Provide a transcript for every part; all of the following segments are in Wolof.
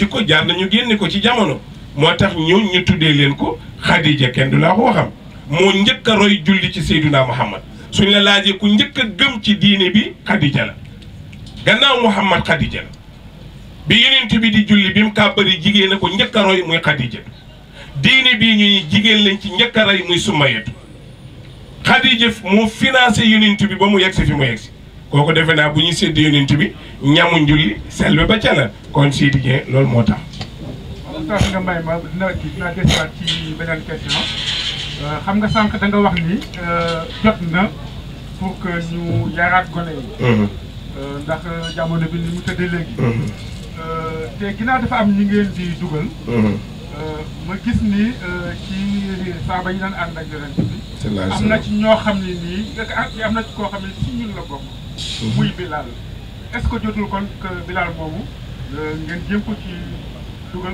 ci ko jaar nañu génne ko ci jamono moo tax ñëw ñu tuddee leen ko Xadija kenn du laa ko waxam moo njëkk a roy julli ci Seyduna Muhammad suñ la laajee ku njëkk gëm ci diine bi Xadija la gannaaw Muhammad Xadija la bi yonent bi di julli bi mu kàbbari jigéen a ko njëkk a roy muy Xadija diine bi ñuy jigéen lañ ci njëkk a roy muy Sumayatu Xadija moo financé yonent bi ba mu yegsi fi mu yegsi koo ko defe naa bu ñuy sédd yonent bi ñamu njulli selbe ba ca la kon Sidi Dieng loolu moo tax. oustaz nga may ma dina dina desiwaat ci beneen euh, nga sànq da nga wax ni euh, jot na pour que mhm. euh, jamono bi ni mu tëddee léegi. Mhm. te dafa am ñu ngeen di mhm. ma gis ni ci saaba yi daan ànd ak yonent bi. na ci ñoo xam ne nii am na ci koo xam ne ci ñun la bokk. muy Bilal est-ce que jotul euh, ko ci dugal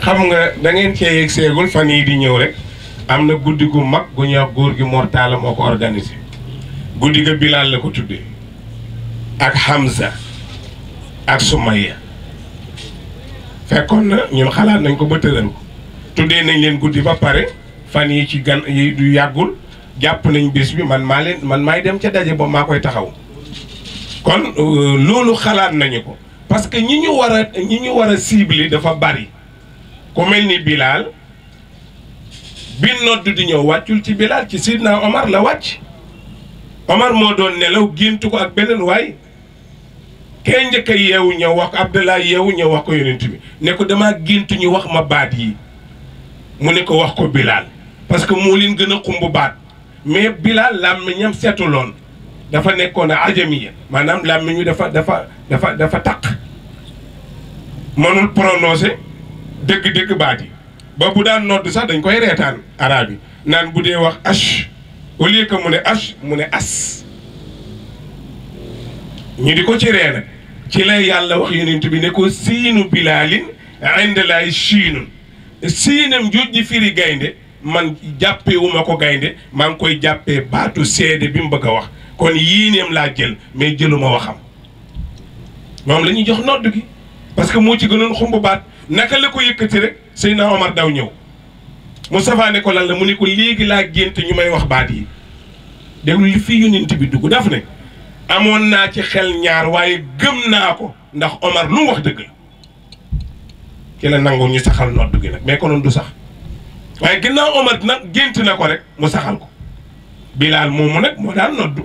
xam nga dangeen ngeen cee seegul fan yii di ñëw rek am na guddi gu mag gu ñuy góor gi Mortala moo ko organisé guddi ga Bilal la ko tuddee ak Hamza ak Sumaya fekkoon na ñun xalaat nañ ko ba tëral ko tuddee nañ leen guddi ba pare fan yi ci gan yi du yàggul. jàpp nañu bis bi man maa leen man maay dem ca daje ba maa koy taxaw kon euh, loolu xalaat nañu ko parce que ñi ñu war ñi ñu war a ciblé dafa bari ku mel ni Bilal bi nodd di ñëw wàccul ci Bilal ci Sidna Omar la wàcc Omar moo doon nelaw géntu ko ak beneen waay kee njëkk a yeewu ñëw wax ko Abdallah yeewu ñëw wax ko yonent bi ne ko damaa géntu ñu wax ma baat yi mu ne ko wax ko bilaal parce que moo leen gën a xumb baat mais Bilal làmmiñam seetuloon dafa nekkoon a ajamiya maanaam làmmiñu dafa dafa dafa dafa taq mënul prononcer dëgg-dëgg baat yi ba bu daan nodd sax dañ koy reetaan araab yi naan bu dee wax ash au lieu que mu ne ash mu ne as ñu di ko ci ree ci lay yàlla wax yonent bi ne ko siinu bilaalin indalaay siinun siinam juuj ji firi gaynde man jàppewuma ko gaynde maa ngi koy jàppee baatu seede bi mu bëgg a wax kon yiineem laa jël mais jëluma waxam moom lañuy jox nodd gi parce que moo ci gënoon xumb baat naka la ko yëkkati rek na Omar daw ñëw Moustapha ne ko lan la mu ne ko léegi laa gént ñu may wax baat yi déglu li fii yonent bi dugg daf ne amoon naa ci xel ñaar waaye gëm naa ko ndax Omar lu mu wax dëgg la ci la nangu ñu saxal nodd gi nag mais konoon du sax waaye ginnaaw Omar na gént na ko rek mu saxal ko Bilaal moomu nag moo daan noddu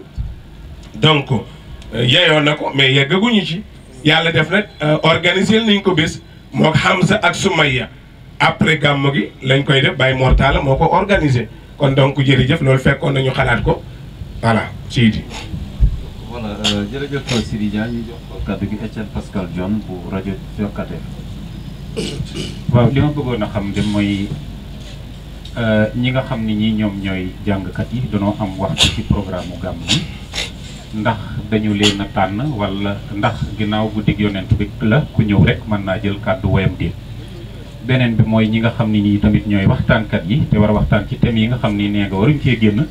donc euh, yeyoon na ko mais yeggaguñu ci yàlla def rek euh, organiser nañ ko bés moo xam sa ak Sumayya après gàmmu gi lañ koy def Baye Mortala moo ko organiser kon donc jëf loolu fekkoon nañu xalaat ko voilà Sidi. voilà euh, jërëjëf Sidi Dia ñu jox kàddu ma bëggoon a xam de mooy. Euh, ñi nga xam ni ñi ñoom ñooy jàngkat yi danoo am waxtu ci programme mu gàmm bi ndax dañu leen tànn wala ndax ginnaaw guddig yonent bi la ku ñëw rek mën naa jël kàddu wayam déet beneen bi mooy ñi nga xam ni nii tamit ñooy waxtaankat yi te war waxtaan ci thèmes yi nga xam ni nee nga waruñ cee génn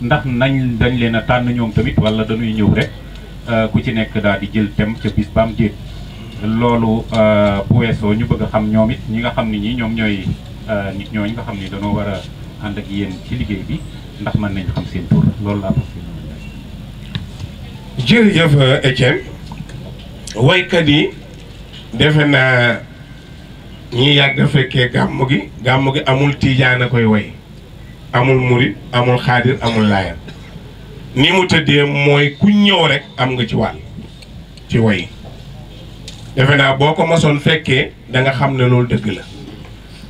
ndax nañ dañ leen a tànn ñoom tamit wala dañuy ñëw rek euh, ku ci nekk daal di jël thème ca bis baam déet loolu euh, bu weesoo ñu bëgg xam ñoom ñi nga xam ni ñi ñoom ñooy nit ñooñ nga xam ne dañoo war a ànd ak ci liggéey bi ndax mën nañ xam seen tur loolu laa fas yéene. jërëjëf euh, Étienne waykat yi defe naa ñi yàgg fekkee gàmmu gi gàmmu gi amul tiijaan a koy woy amul murit amul xaadir amul laayam ni mu tëddee mooy ku ñëw rek am nga ci wàll ci way defe naa boo ko mosoon fekkee danga xam ne loolu dëgg la.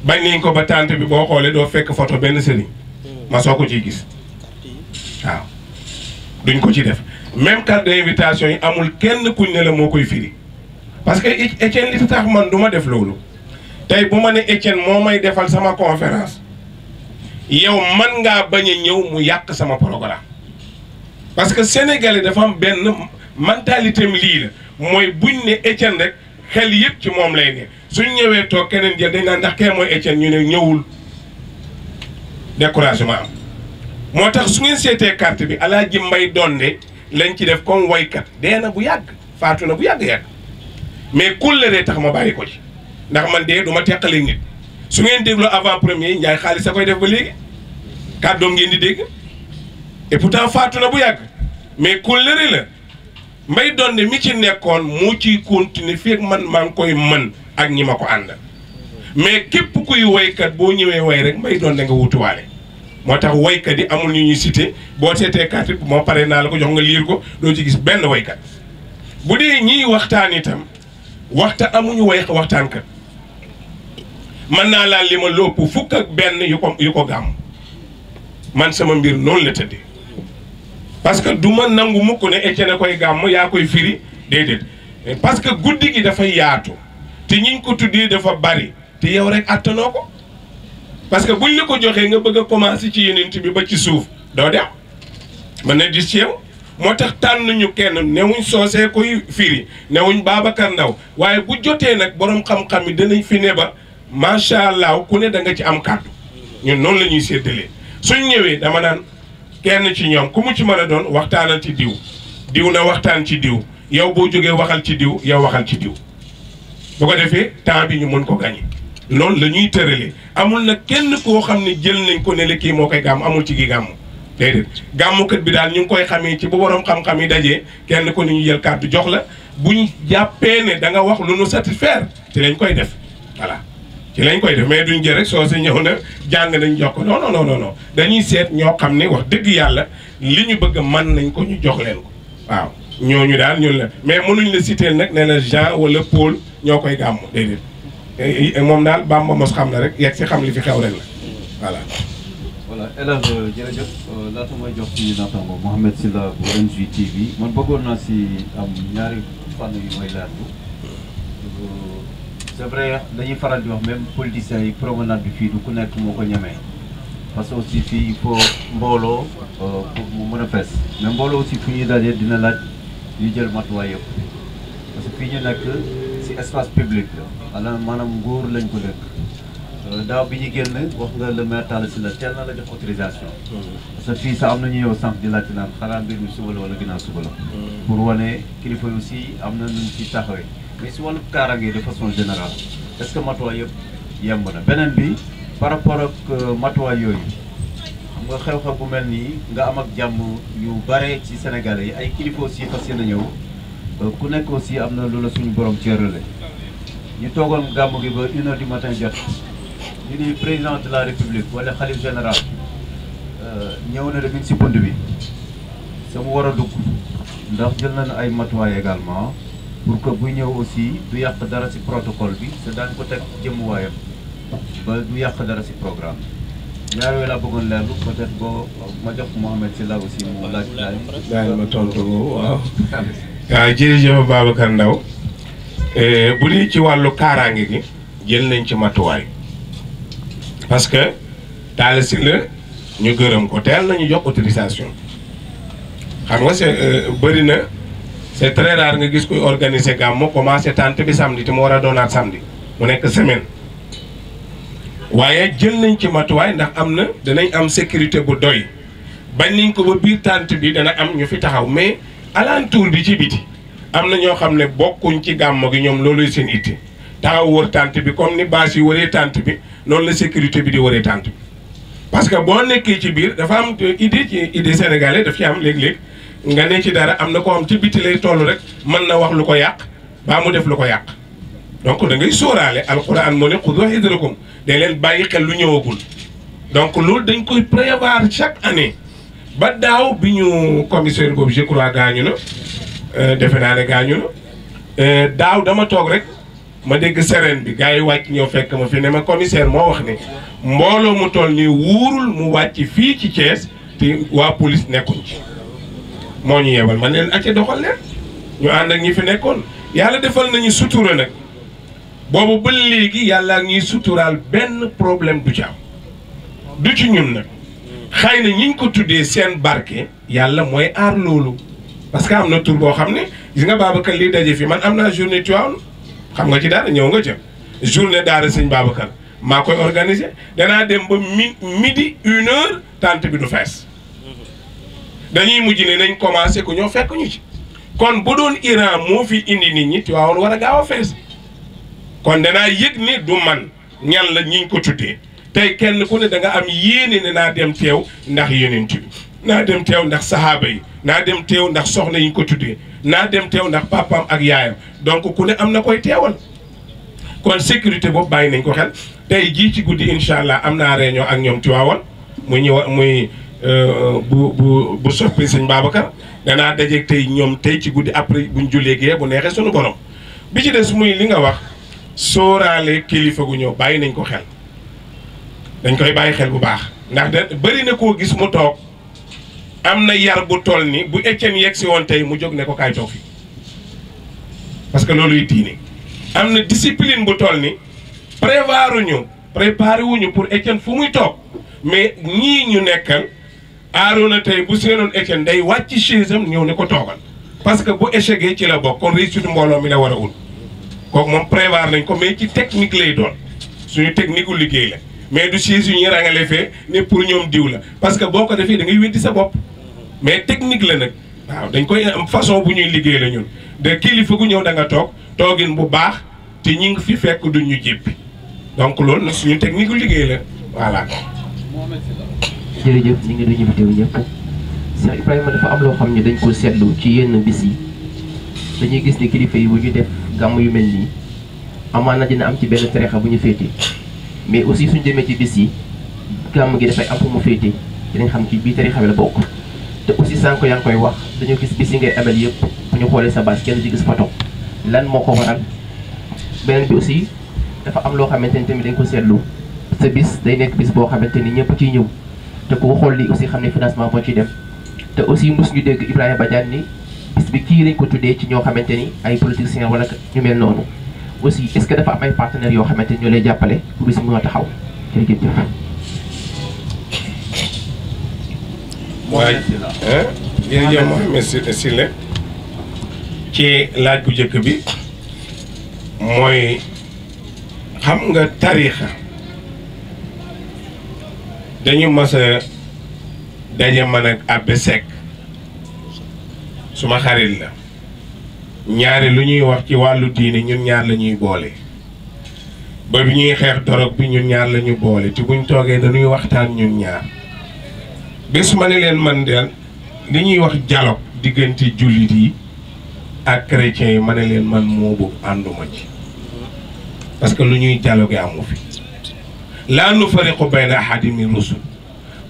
bañ nañ ko ba tànt bi boo xoolee doo fekk foto benn sëriñ hmm. ma soo ko ciy gis hmm. waaw duñ ko ci def même carte d'invitation yi amul kenn kuñ ne la moo koy firi parce que Étienne li tax man duma def loolu tey bu ma ne Étienne moo may defal sama conférence yow man ngaa bañ ñëw mu yàq sama programme parce que sénégalais dafa am benn mentalité am lii la mooy buñ ne Étienne rek xel yëpp ci moom lay ne suñ ñëwee toog keneen jël dañ naan ndax kee mooy Étienne ñu ne ñëwul découragement am moo tax su ngeen seetee carte bi ji Mbay Donde lañ ci def comme woykat dee na bu yàgg faatu na bu yàgg-yàgg mais kóllëre tax ma bàyyi ndax man dee du ma teqale nit su ngeen déglu avant premier yi Njaay xaalis a koy ba léegi kàddoom ngeen di dégg et pourtant faatu na bu yàgg mais kóllëre la Mbay Donde mi ci nekkoon mu ci continuer fii ak man maa ngi koy mën ak ñi ma ko àndal mais képp kuy woykat boo ñëwee woy rek mbay doon da nga wutuwaale moo tax woykat yi amul ñu ñuy cité boo seetee carte bi moo paree naa la ko jox nga liir ko doo ci gis benn woykat bu dee ñiy waxtaan itam waxta amuñu woy waxtaankat mën naa laa li ma lopp fukk ak benn yu ko yu gàmm man sama mbir noonu la tëddee parce que du ma nangu mukk ne Etienne koy gàmm yaa koy firi déedéet parce que guddi gi dafay yaatu te ñiñ ko tuddee dafa bari te yow rek attanoo ko parce que buñ la ko joxee nga bëgg a commencé ci yenent bi ba ci suuf doo dem mën na moo tax tànnuñu kenn newuñ soosee koy firi newuñ Babacar Ndaw waaye bu jotee nag borom xam-xam yi fi ne ba macha allah ku ne da nga ci am kàddu ñun noonu la ñuy séddalee suñ ñëwee dama naan kenn ci ñoom ku mu ci mën a doon waxtaanal ci diw diw na waxtaan ci diw yow boo jógee waxal ci diw yow waxal ci diw bu ko defee temps bi ñu mën ko gagné loolu la ñuy tëralee amul na kenn koo xam ne jël nañ ko ne la kii moo koy gàmm amul ci gi gàmm déedéet gàmmukat bi daal ñu ngi koy xamee ci bu borom xam yi dajee kenn ko ni ñu jël kàddu jox la buñ jàppee ne da nga wax lu nu satisfaire ci lañ koy def voilà ci lañ koy def mais duñ jël rek soo si ñëw na jàng nañ jox ko non non dañuy seet ñoo xam ne wax dëgg yàlla li ñu bëgg man nañ ko ñu jox leen ko waaw ñooñu daal ñun la mais mënuñ la siteel nag nee na Jean wala Paul ñoo koy gàmm déedéet moom daal Bamba mos xam na rek yegg si xam li fi xew rek la voilà. voilà élève jërëjëf euh, laata may jox ci naataango Mouhamed Sylla bu NJ TV man bëggoon naa si am ñaari fànn yu may laaj euh, c' est vrai dañuy faral di wax même politiciens yi promenade bi fii du ku nekk moo ko ñemee parce que aussi fii mbooloo euh, pour mu mën a fees mbooloo aussi fu ñuy dajee dina laaj. ñu jël matuwaay yëpp parce que fii ñu nekk ci espace public la wala maanaam nguur lañ ko dëkk euh, daaw bi ñu génn wax nga le maire Talla Sylla teel na la jox autorisation mm-hmm. parce que fii sax am na ñu yow sànq di laajte naan xanaa mbir mi suba la wala ginnaaw suba la mm-hmm. pour wane kilifa yu si am na nuñ ci taxawee mais si wàllu kaaraange de façon général est-ce que matuwaay yëpp yemb na beneen bi par rapport ak euh, matuwaay yooyu ba xew-xew bu mel nii nga am ak jàmm yu bare ci sénégalais yi ay kilifa aussi fas na ñëw euh, ku nekk aussi am na lu la suñu borom cërale ñu toogoon gàmmu gi ba une heure du matin jot ñu ni président de la république wala xalif général euh, ñëw na demin si bunt bi sama war a dugg ndax jël nañu ay matuwaay également pour que bu ñëw aussi du yàq dara si protocole bi te daan ko teg jëmuwaayam ba du yàq dara si programme ñaar yooyu laa bëggoon leerlu peut-être si laa aussi mu ma tontu waaw. waaw jërëjëf Babacar Ndao eh, bu dee ci wàllu kaaraange gi jël nañ ci matuwaay parce que Talla Sylla ñu gërëm ko teel nañu jox autorisation xam nga c'est euh, bëri na c'est très rare nga gis kuy organiser gàmmu commencé tant bi samedi te mu war a doonaat samedi mu nekk semaine. waaye jël nañ ci matuwaay ndax am na danañ am sécurité bu doy bañ nañ ko ba biir tànt bi dana am ñu fi taxaw mais alentour bi ci biti am na ñoo xam ne bokkuñ ci gàmmo gi ñoom loolu seen itti taxaw wër tànt bi comme ni bâche yi waree tànt bi noonu la sécurité bi di waree tànt bi parce que boo nekkee ci biir dafa am idée ci idée sénégalais daf ci am léeg-léeg nga ne ci dara am na ko am ci biti lay toll rek mën na wax lu ko yàq baa mu def lu ko yàq donc da ngay sóoraale alquran moo ne xudu hidrakum day leen bàyyi xel lu ñëwagul donc loolu dañ koy prévoir chaque année ba daaw bi ñu commissaire boobu je crois gaañu na euh, defe naa ne gaañu na euh, daaw dama toog rek ma dégg sereen bi gars yi wàcc ñëw fekk ma fi ne ma commissaire moo wax ne mbooloo mu toll nii wuurul mu wàcc fii ci Thiès te waa police nekkuñ ci moo ñu yebal man leen acca doxal leen ñu ànd ak ñi fi nekkoon yàlla defal nañu suture nag boobu ba léegi yàlla ñuy suturaal benn problème du ci am du ci ñun nag xëy na ñiñ ñu ko tuddee seen barke yàlla mooy aar loolu parce que am na tur boo xam ne gis nga Babacar lii daje fi man am naa journée Tivaouane xam nga ci daara ñëw nga ca journée daara sëñ Babacar maa koy organiser danaa dem ba mi midi une heure tante bi du fees dañuy mujj ne nañ commencé ku ñoo fekk ñu ci kon bu doon Iran moo fi indi nit ñi Tivaouane war a gaaw a fees. kon danaa yëg ni du man ñan la ñu ko tuddee tey kenn ku ne da nga am yéene ne naa dem teew ndax yonent bi naa dem teew ndax sahaaba yi naa dem teew ndax soxla yi ñu ko tuddee naa dem teew ndax papaam ak yaayam donc ku ne am na koy teewal kon sécurité boobu bàyyi nañ ko xel tey jii ci guddi incha allah am naa réunion ak ñoom Tiwaawan mu ñëw muy euh, bu bu bu soppi sëñ Babacar danaa dajeeg tey ñoom tey ci guddi après buñ jullee gee bu neexee sunu borom bi ci des muy li nga wax. sóoraale kilifa gu ñëw bàyyi nañ ko xel dañ koy bàyyi xel bu baax ndax da bëri na koo gis mu toog am na yar bu toll ni bu Étienne yegg si woon tey mu jóg ne ko kaay toog fi parce que looluy diine am na discipline bu toll ni prévoir wuñu préparé wuñu pour Étienne fu muy toog mais ñii ñu nekkal Arouna tey bu seenoon Étienne day wàcc chaise ñëw ne ko toogal parce que bu échecgee ci la bokk kon réussite mbooloo mi la war a wut kooku moom prévoir nañ ko mais ci technique lay doon suñu technique gu liggéey la mais du siis yu ñuy rangale fee ne pour ñoom diw la parce que boo ko defee da ngay weddi sa bopp mais technique la nag waaw dañ koy am façon bu ñuy liggéey la ñun de kilifa ku ñëw da nga toog toogin bu baax te ñi ngi fi fekk duñ ñu jëpp donc loolu nag suñu technique gu liggéey la voilà. jërëjëf ñi ngi nuyu teew dafa am loo xam ne dañ ko seetlu ci yenn bis yi dañuy gis ne kilifa yi bu ñu gàmm yu mel nii amaan na dina am ci benn terexa bu ñu féete mais aussi suñ demee ci bis yi gàmm gi dafay am fu mu féete dinañ xam ci bii terexa bi la bokk te aussi sànq yaa ngi koy wax dañu gis bi yi ngay amal yëpp bu ñu xoolee sa base kenn di gis photo lan moo ko waral beneen bi aussi dafa am loo xamante ni tamit dañ ko seetlu sa bis day nekk bis boo xamante ni ñëpp ciy ñëw te ku xool li aussi xam ne financement moo ciy def te aussi mos ñu dégg Ibrahima Badiane ni bi kii lañ ko ci ñoo xamante ni ay politiciens wala ñu mel noonu aussi est dafa am ay partenaires yoo xamante ni ñoo lay jàppale pour bis mën a taxaw jërëjëf. ci laaj bu jëkk bi mooy xam nga tariixa dañu mas a ak Abbé Seck suma xarit la ñaari lu ñuy wax ci wàllu diine ñun ñaar la ñuy boole ba bi ñuy xeex dorog bi ñun ñaar la ñu boole te buñ toogee dañuy waxtaan ñun ñaar bés ma ne leen man del li ñuy wax dialogue diggante jullit yi ak chrétiens yi ma ne leen man moo boobu ànduma ci parce que lu ñuy dialogue amu fi laa nu fariqu bayna ahadin min rusul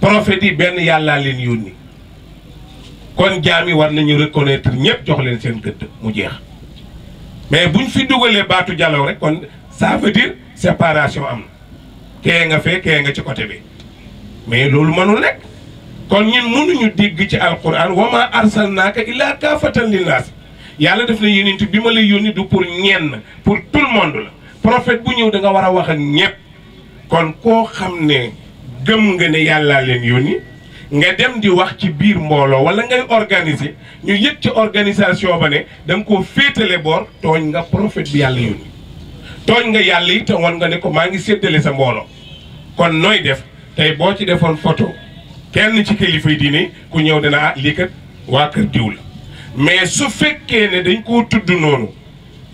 prophète yi benn yàllaa leen yónni kon jaam yi war nañu reconnaître ñëpp jox leen seen gëdd mu jeex mais buñ fi dugalee baatu jalaw rek kon ça veut dire am na kee nga fee kee nga ci côté bi mais loolu mënul nekk kon ñun mënuñu dégg ci alquran wama arsalnaaka illaa kaafatan linnaas yàlla def na yonent bi ma lay yónni du pour ñenn pour tout le monde la prophète bu ñëw danga war a wax ak ñëpp kon koo xam ne gëm nga ne yàllaa leen yónni nga dem di wax ci biir mbooloo wala ngay organiser ñu yëg ci organisation ba ne da nga koo féetale boor tooñ nga prophète bi yàlla yónni tooñ nga yàlla yi te wan nga ne ko maa ngi séddale sa mbooloo kon nooy def tey boo ci defoon photo kenn ci kilifa yi diine ku ñëw dana ah lii kat waa kër diw mais su fekkee ne dañ koo tudd noonu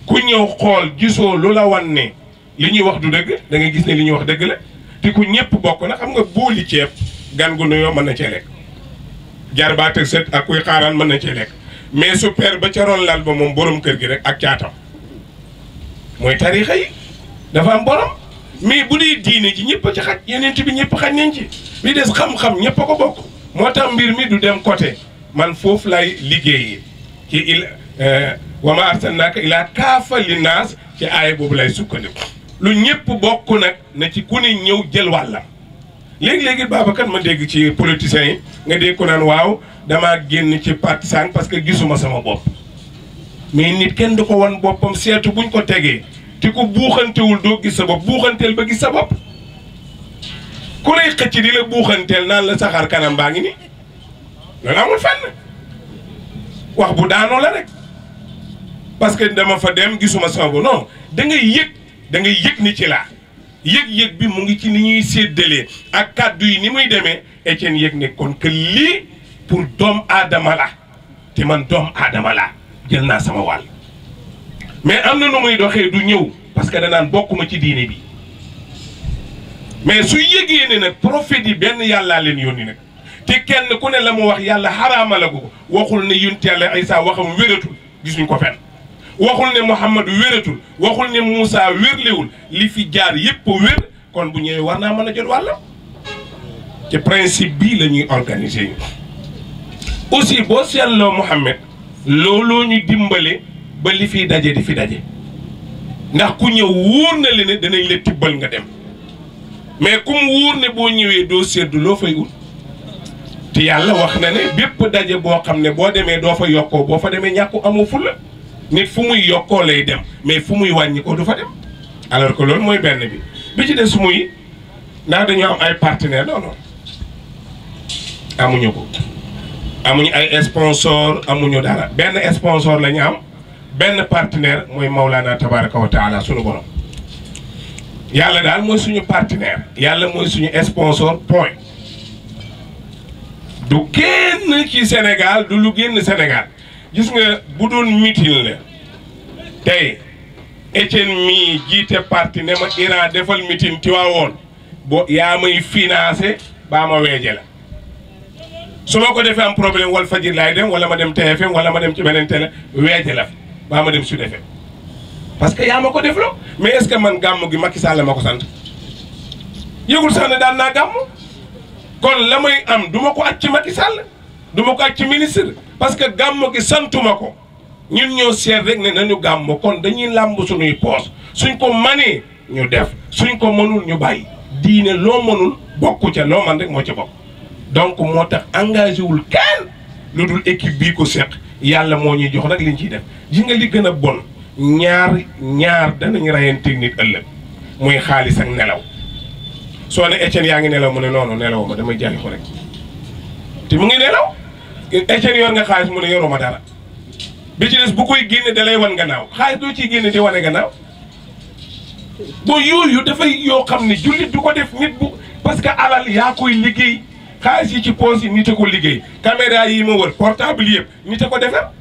ku ñëw xool gisoo lu la wan ne li ñuy wax du dëgg da gis ne li ñuy wax dëgg la te ku ñëpp bokk na xam nga booli ceeb. gan gu nuyoo mën na cee lekk jarbaat ak sët ak kuy xaaraan mën na cee lekk mais su ba ca roon lal ba moom boroom kër gi rek ak caatam mooy tariixa yi dafa am borom mais bu dee diine ji ñëpp a ci xaj yeneen bi ñëpp xaj nañ ci bi des xam-xam ñëpp a ko bokk moo tax mbir mi du dem côté man foofu lay liggéeyee ci il euh, wa ma arsalnaaka ilaa kaafa linnaas ci aay boobu lay sukkandiku lu ñëpp bokk nag na ci ku ne ñëw jël wàllam léegi-léegi Babacar ma dégg ci politiciens yi nga dégg ko naan waaw damaa génn ci parti sànq parce que gisuma sama bopp mais nit kenn du ko wan boppam seetu buñ ko tegee te ko buuxantewul doo gis sa bopp buuxanteel ba gis sa bopp ku lay xëcc di la buuxanteel naan la saxaar kanam baa ngi ni loolu amul fenn wax bu daanoo la rek parce que dama fa dem gisuma sama bopp non da ngay yëg da ngay yëg ni ci laa yëg-yëg bi mu ngi ci ni ñuy séddalee ak kàddu yi ni muy demee Étienne yëg ne kon que pour doom aadama la te man doom aadama la jël naa sama wàll mais am na nu muy doxee du ñëw parce que danaan bokkuma ci diine bi mais su yëgee ne nag prophète yi benn yàllaa leen yónni nag te kenn ku ne la mu wax yàlla xaraama la ko waxul ne yonent yàlla Isaa waxam wératul gisuñ ko fenn waxul ne Mouhamad wératul waxul ne Moussa wérlewul li fi jaar yépp wér kon bu ñëwee war naa mën a jot wàllam ci principe bii lañuy ñuy organiser aussi boo seetloo Mouhamad looloo ñu dimbale ba li fiy daje di fi daje ndax ku ñëw wóor na le ne danañ la tibbal nga dem mais kum wóor ne boo ñëwee doo séddu loo fay ut te yàlla wax na ne bépp daje boo xam ne boo demee doo fa yokkoo boo fa demee ñàkku amu fulla nit fu muy yokkoo lay dem mais fu muy wàññi ko du fa dem alors que loolu mooy benn bi bi ci des muy ndax dañoo am ay partenaires non non amuñu ko amuñu ay sponsor amuñu dara benn sponsor lañu am benn partenaire mooy Maulana tabaraka wa taala suñu borom yàlla daal mooy suñu partenaire yàlla mooy suñu sponsor point du génn ci Sénégal du lu génn Sénégal gis nga bu doon mitin la tey Etienne mii jiite parti ne ma Iran defal mitin Tiwaawoon bo yaa may financé baa ma weeje la su ma ko defee am problème wal fajir laay dem wala ma dem TFM wala ma dem ci beneen télé weeje la baa ma dem su defee parce que yaa ma ko def loo mais est man gàmm gi makki Sall ma ko sant yëgul sax ne daan naa gàmm kon la may am du ma ko àcc ci Macky sàll du ma ko àcc ci ministre parce que gàmm gi santuma ko ñun ñoo seet rek ne nañu gàmm kon dañuy làmb suñuy poos suñ ko manee ñu def suñ ko mënul ñu bàyyi diine loo mënul bokku ca loo man rek moo ca bokk donc moo tax engagé wul kenn lu dul équipe bii ko seq yàlla moo ñuy jox nag liñ ciy def ji nga li gën bon ñaar ñaar danañu reyanteeg nit ëllëg muy xaalis ak nelaw soo ne Etienne yaa ngi nelaw mu ne noonu nelaw ma damay ko rek te mu ngi nelaw échec yor nga xaalis mu ne yoruma dara bi ci bu koy génne da lay wan gannaaw xaalis doo ciy génne di wane gannaaw ba yooyu dafay yoo xam ne jullit du ko def nit bu parce que alal yaa koy liggéey xaalis yi ci poos yi nit a ko liggéey caméra yi ma wër portable yëpp nit a ko defar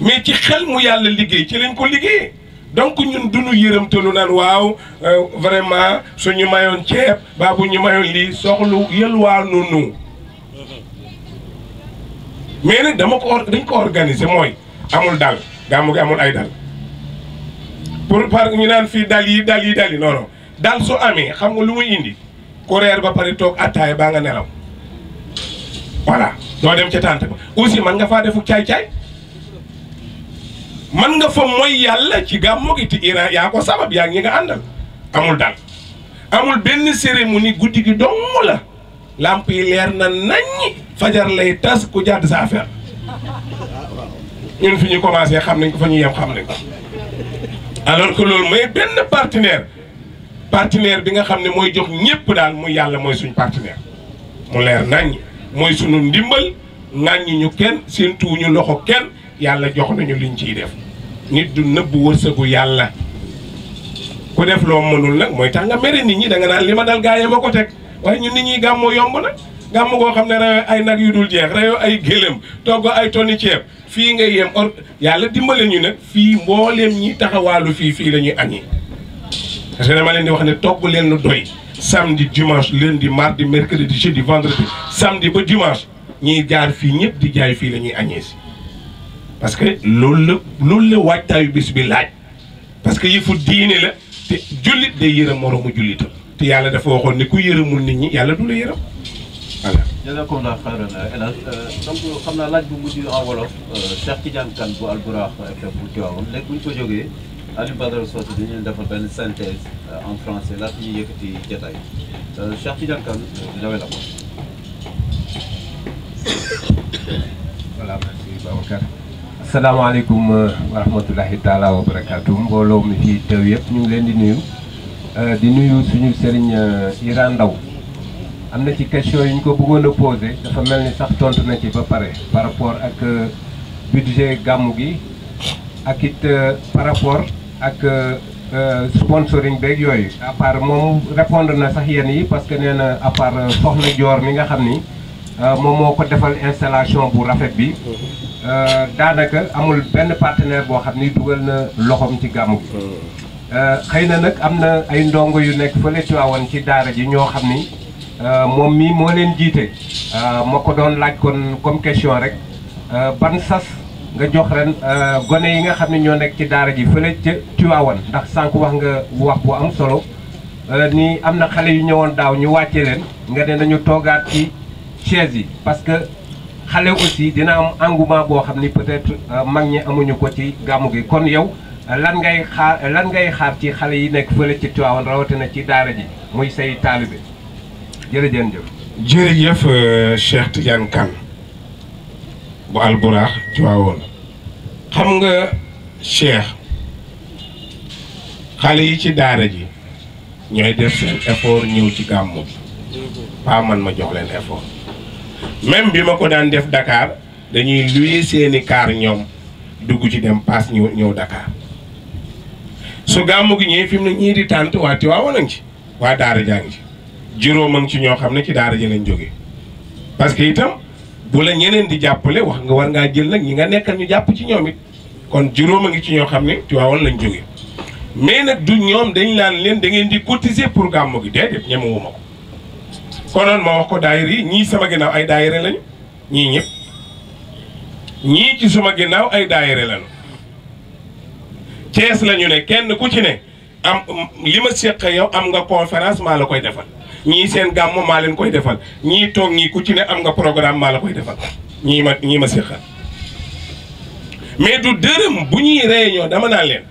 mais ci xel mu yàlla liggéey ci lañ ko liggéeyee donc ñun duñu yërëmtalu naan waaw euh, vraiment suñu mayoon ceeb baa bu ñu mayoon lii soxlu yëlwaa nunu mais nag dama ko dañ ko mooy amul dal gàmmu gi amul ay dal pour par ñu naan fii dal yi dal yi dal yi non non dal su amee xam nga lu muy indi ku ba pare toog attaay baa nga nelaw voilà doo dem ca tànt ba aussi man nga faa defu caay-caay man nga fa mooy yàlla ci gàmmu gi te Iran yaa ko sabab yaa ngi nga àndal amul dal amul benn cérémonie guddi gi dong la làmp yi leer na naññi fajar lay tas ku jàdd sa affaire ñun fi ñu commencé xam nañ ko fa ñu yem xam nañ ko alors que loolu mooy benn partenaire partenaire bi nga xam ne mooy jox ñëpp daal muy yàlla mooy suñ partenaire mu leer nàññ mooy suñu ndimbal ŋàññi ñu kenn seen tuuñu loxo kenn yàlla jox nañu liñ ciy def nit du nëbb wërsëgu yàlla ku def loo mënul nag mooy tax nga mere nit ñi da nga li ma dal gaayee ma ko teg waaye ñun nit ñuy gàmmoo yomb na gàmm koo xam ne rayoo ay nag yu dul jeex rayoo ay gëlëm togg ay tonni ceeb fii ngay yem or yàlla dimbale ñu nag fii mbooleem ñi taxawaalu fii fii la ñuy añi parce que dama leen di wax ne togg leen lu doy samedi dimanche di mardi mercredi di vendredi samedi ba dimanche ñiy jaar fii ñëpp di jaay fii lañuy añee si parce que loolu la loolu la waajtaayu bis bi laaj parce que yëfu diine la te jullit day yërëm moroomu jullitam te yàlla dafa waxoon ne ku yërëmul nit ñi yàlla du la yërëm voilà. jazakumullah xayran El Hadj euh, donc xam naa laaj bu mujj en wolof euh, Cheikh Tidiane Kane bu Alburax FM bu Tiwaawoon léegi bu ñu ko jógee Aliou Badara Socé dañu leen defal benn synthèse euh, en français laata ñuy yëkkati jotaay Cheikh Tidiane Kane la ko. voilà merci Babacar. asalaamaaleykum wa rahmatulahi wa barakaatu mbooloo mi fii teew yëpp ñu ngi leen di nuyu. Euh, di nuyu suñu sëriñ euh, Iran Ndaw am na ci question yu ñu ko bëggoon a posé dafa mel ni sax tontu na ci ba pare par rapport ak euh, budget gàmmu gi ak it par rapport ak sponsoring beeg yooyu à part moom répondre na sax yenn yi parce que nee na à part soxna joor mi nga xam ni moom moo ko defal installation bu rafet bi daanaka amul benn partenaire boo xam ni dugal na loxoom ci gàmmu gi Euh, xëy na nag am na ay ndongo yu nekk fële Tiwaawan ci daara ji ñoo xam ni euh, moom mii moo leen jiite euh, ma ko doon laaj kon comme question rek ban sas nga jox ren gone yi nga xam ne ñoo nekk ci daara ji fële ca Tiwaawan ndax sànq wax nga wax bu am solo ni am na xale yu ñëwoon daaw ñu wàcce ren nga ne nañu toogaat ci chaise yi parce que xale aussi dina am engouement boo xam ni peut-être mag ñi amuñu ko ci gàmmu gi kon yow lan ngay xaar ci xale yi nekk fële ci Tivaouane rawatina ci daara ji muy say taalibe jërëjëf jëf jërëjëf euh, Cheikh Tidiane Kane bu Alburaax Tivaouane xam nga Cheikh xale yi ci daara ji ñooy def seen effort ñëw ci gàmmu bi man ma jox leen effort même bi ma ko daan def Dakar dañuy luye seeni kaar ñoom dugg ci dem paas ñëw ñëw su gàmmu gi ñëwee fi mu ne ñii di tànt waa Tiwaawan a ngi ci waa daara jaa ngi ci juróom ñoo xam ne ci daara ji lañ jóge parce que itam bu la ñeneen di jàppale wax nga war ngaa jël nag ñi nga nekkal ñu jàpp ci ñoom it kon juróom a ngi ci ñoo xam ne Tiwaawan lañ jóge mais nag du ñoom dañ laan leen da ngeen di cotiser pour gàmmu gi déedéet ñemewuma ko konoon ma wax ko daayira ñii sama ginnaaw ay daayira lañu ñii ñëpp ñii ci suma ginnaaw ay daayira lañu Cees la ñu ne kenn ku ci ne am li ma seq yow am nga conférence maa la koy defal ñii seen gàmm maa leen koy defal ñii toog ñii ku ci am nga programme la koy defal ñii ma ñii ma seqal mais du dërëm bu ñuy réunion dama naa leen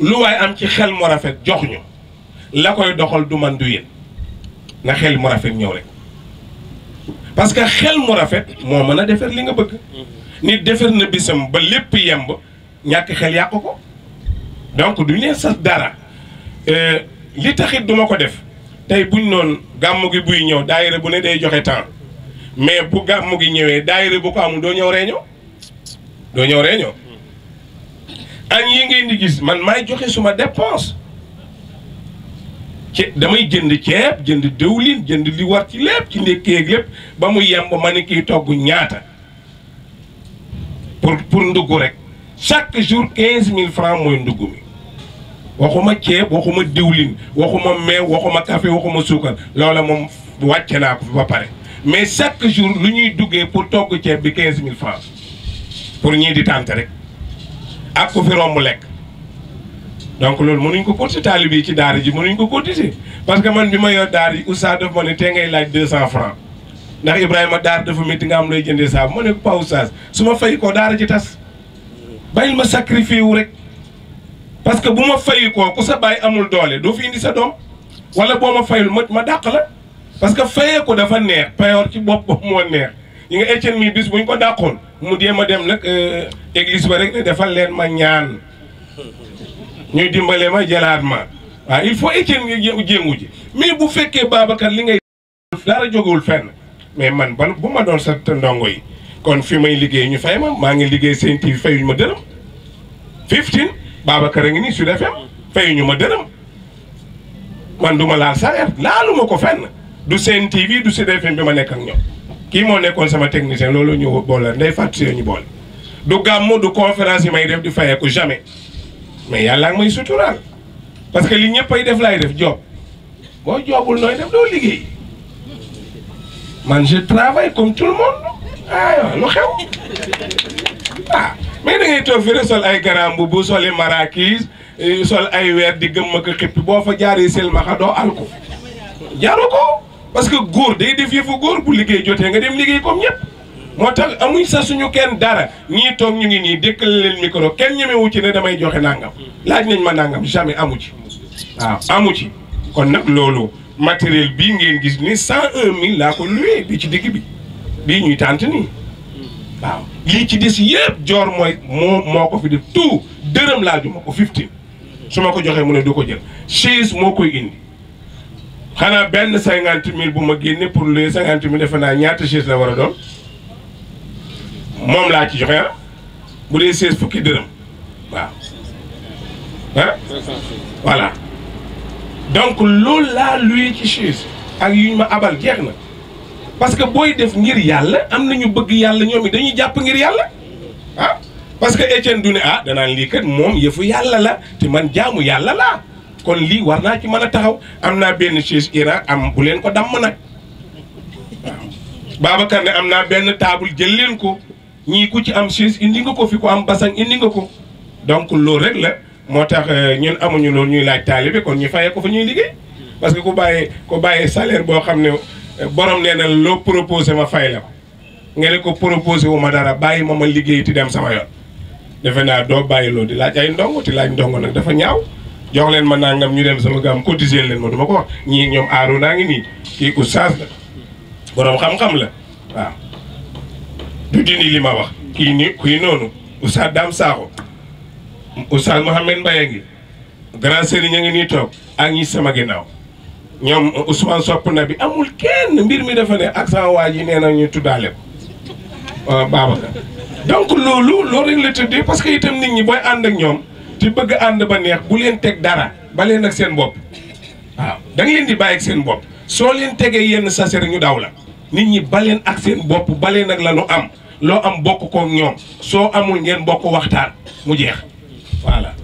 lu waay am ci xel mu rafet jox ñu la koy doxal du man du yéen na xel mu rafet ñëw rek parce que xel mu rafet moo mën a defar li nga bëgg mm-hmm. nit defar na bisam ba lépp yemb ñàkk xel yàq ko donc duñ leen sas dara euh, li taxit duma ko def tey buñ noonu gàmmu gi buy ñëw daayira bu ne day joxe temps mais bu gàmmu gi ñëwee daayira bu ko amul doo ñëw réunion doo ñëw réunion añ yi ngay di gis man maay joxe suma dépense ci damay jënd ceeb jënd dëwlin jënd li war ci lépp ci ndékkeeg lépp ba mu yemb ma ne ki togg ñaata pour pour ndugg rek chaque jour quinze mille francs mooy ndugg mi waxuma ceeb waxuma diwlin waxuma meew waxuma café waxuma suukar loola moom wàcce naa ko ba pare mais chaque jour lu ñuy duggee pour togg ceeb bi quinze mille francs pour ñii di tànt rek ak ku fi romb lekk donc loolu mënuñ ko cotiser taalibe yi ci daara ji mënuñ ko cotiser parce que man bi ma yor daara ji oustaz dafa ma ne tey ngay laaj deux cent francs ndax Ibrahima daara dafa métti nga am lay jëndee saabu ma ne ko su ma fay ko daara ji tas bàyyil ma sacrifié wu rek parce que bu ma fayu koo ku sa baay amul doole doo fi indi sa doom wala boo ma fayul ma ma dàq la parce que fayee ko dafa neex payoor ci boppam moo neex yi nga Étienne mi bis ñu ko dàqoon mu jéem ma dem nag euh, église ba rek ne defal leen ma ñaan ñuy dimbale ma jëlaat ma waaw il faut Étienne nga jéngu ji mais bu fekkee Babacar li ngay dara jógewul fenn mais man ban bu ma doon sa ndongo yi kon fi may liggéey ñu fay ma maa ngi liggéey Sen TV fayuñu ma dërëm 15 Babacar a ngi nii Sud FM ñu ma dërëm man du ma laal salaire laalu ma ko fenn du Sen TV du Sud FM bi ma nekk ak ñoom kii moo nekkoon sama technicien loolu ñëw ñu boole nday fàttu ñu bool du gàmmu du conférence yi may def di fayeeku jamais mais yàlla may suturaal parce que li ñëpp ay def laay def job boo jobul nooy def doo liggéey man je travaille comme ah lu xew ah mais da ngay toog fii sol ay garambu bu soli maraakis eh, sol ay weer di gëmm ak xippi boo fa jaaree silmaxa doo al ko jaru ko parce que góor day def yëfu góor bu liggéey jotee nga dem liggéey comme ñëpp moo tax amuñ sa suñu kenn dara ñii toog ñu ngi nii dëkkal leen micro kenn ñemewu ci ne damay joxe nangam laaj nañ ma nangam jamais amu ci waaw amu ci kon nag loolu matériel bii ngeen gis ni cent un mille laa ko loué bi ci digg bi bii ñuy tànt nii hmm. waaw lii ci des yëpp joor mooy moo moo ko fi def tout dërëm laajuma ko fifteen hmm. su ma ko joxee mu ne du ko jël chaise moo koy indi xanaa benn cinquante mille bu ma génne pour les cinquante mille defe naa ñaata chaise la war a doon moom laa ci joxe ah bu dee chaise fukki dërëm waaw hmm. ah voilà donc loolu laa luy ci chaise ak yu ma abal jeex na parce que booy def ngir yàlla am na ñu bëgg yàlla ñoom it dañuy jàpp ngir yàlla ah parce que Étienne du ne ah danaan lii kat moom yëfu yàlla la ti man jaamu yàlla laa kon lii war naa ci mën a taxaw am naa benn chaise Iran am bu leen ko damm nag waaw Babacar ne am naa benn taabul jël leen ko ñii ku ci am chaise indi nga ko fi ku am basang indi nga ko donc loolu rek la moo tax euh, ñun amuñu loolu ñuy laaj taalibe kon ñu fayee ko fa ñuy liggéey parce que ku bàyyee ku bàyyee salaire boo xam ne. borom nee na loo proposé ma fay la ko nga ne ko proposé wu ma dara bàyyi ma ma liggéey ti dem sama yoon defe naa doo bàyyi loolu di laaj ay ndongo ti laaj ndongo nag dafa ñaaw jox leen ma nangam ñu dem sama gam cotiser leen ma du ma ko wax ñii ñoom aaru naa ngi nii kii oustaz la boroom xam-xam la waaw du dindi li ma wax kii ni kii noonu oustaz Dame Sakho oustaz Mouhamed Mbaye ngi grand sëriñ a ngi nii toog ak ñi sama ginnaaw ñoom Ousmane sopp na bi amul kenn mbir mi defa ne ak sama waa ji nee na ñuy tuddaale ko ah, Babacar donc loolu loolu rek la tëddee parce que itam nit ñi booy ànd ak ñoom te bëgg ànd ba neex bu leen teg dara ba leen ak seen bopp waaw da leen di bàyyi ak seen bopp soo leen tegee yenn sa rek ñu daw la nit ñi baleen ak seen bopp baleen ak la nu am loo am bokk kook ñoom soo amul ngeen bokk waxtaan mu jeex voilà